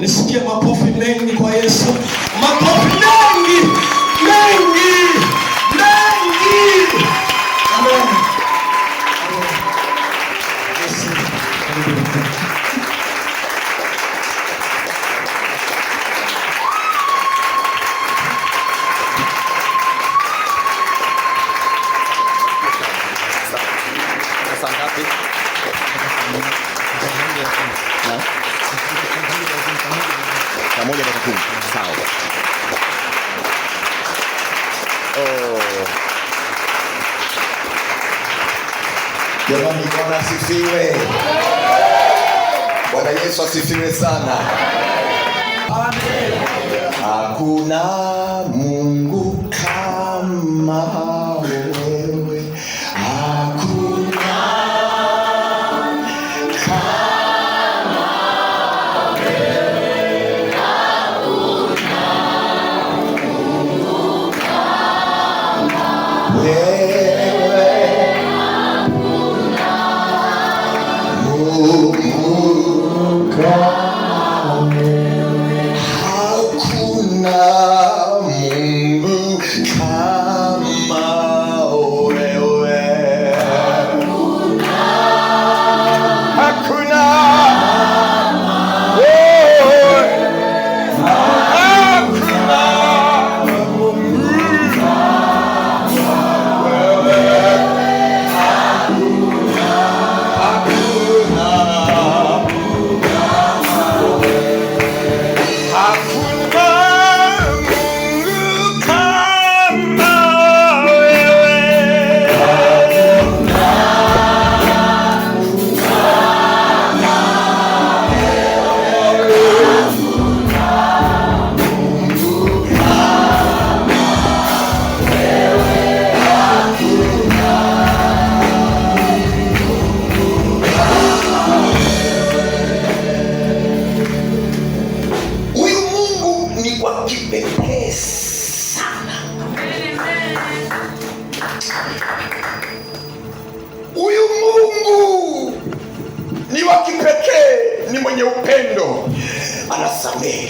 Nisikie makofi mengi kwa Yesu, makofi mengi mengi mengi. Amen. Amen. na moja dakika kumi. Sawa. Oh. Jamani, Bwana asifiwe. Bwana Yesu asifiwe sana. Amen. Hakuna É.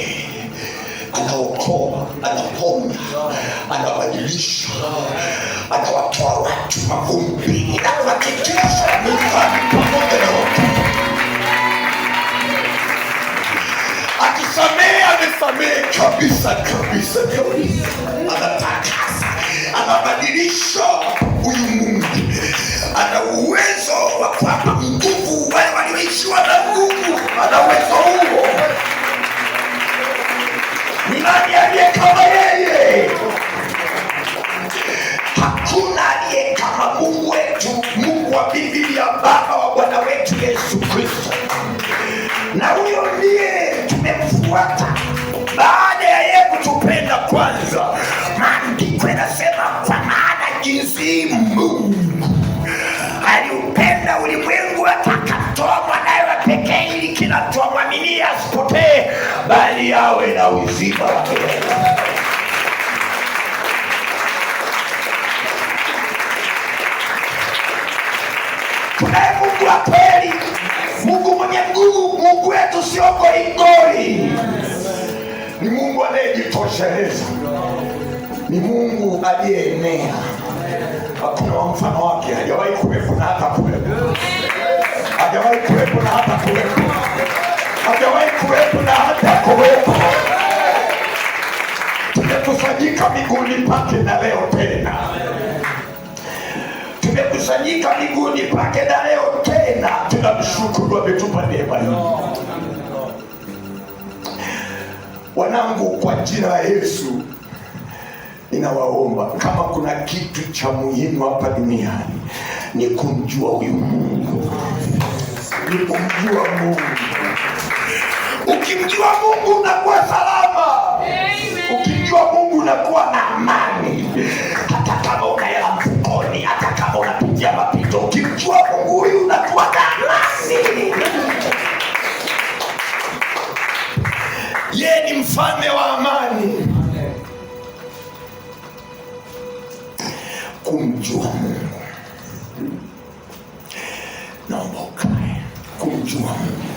yeye anaokoa, anaponya, anabadilisha, anawatoa watu mavumbi na pamoja na watoto, akisamehe amesamehe kabisa kabisa kabisa, anatakasa, anabadilisha wapi ya Baba wa Bwana wetu Yesu Kristo, na huyo ndiye tumemfuata baada ya yeye kutupenda kwanza. Maandiko yanasema, kwa maana jinsi Mungu aliupenda ulimwengu hata akatoa mwanawe wa pekee, ili kila mtu amwaminie asipotee, bali awe na uzima wa milele. ambaye Mungu wa kweli, Mungu mwenye nguvu, Mungu wetu sio goigoi, ni Mungu anayejitosheleza, ni Mungu aliyeenea, hakuna wa mfano wake, hajawahi kuwepo na hata kuwepo, hajawahi kuwepo na hata kuwepo, hajawahi kuwepo na hata kuwepo. Tumekusanyika miguuni pake na leo tena tumekusanyika miguuni pake na leo tena tuna mshukuru ametupa neema hiyo. Wanangu, kwa jina la Yesu ninawaomba, kama kuna kitu cha muhimu hapa duniani ni kumjua huyu Mungu, ni kumjua Mungu. Ukimjua Mungu unakuwa salama, ukimjua Mungu unakuwa na amani, hata kama mfalme wa amani. Kumjua Mungu, naomba ukae. Kumjua Mungu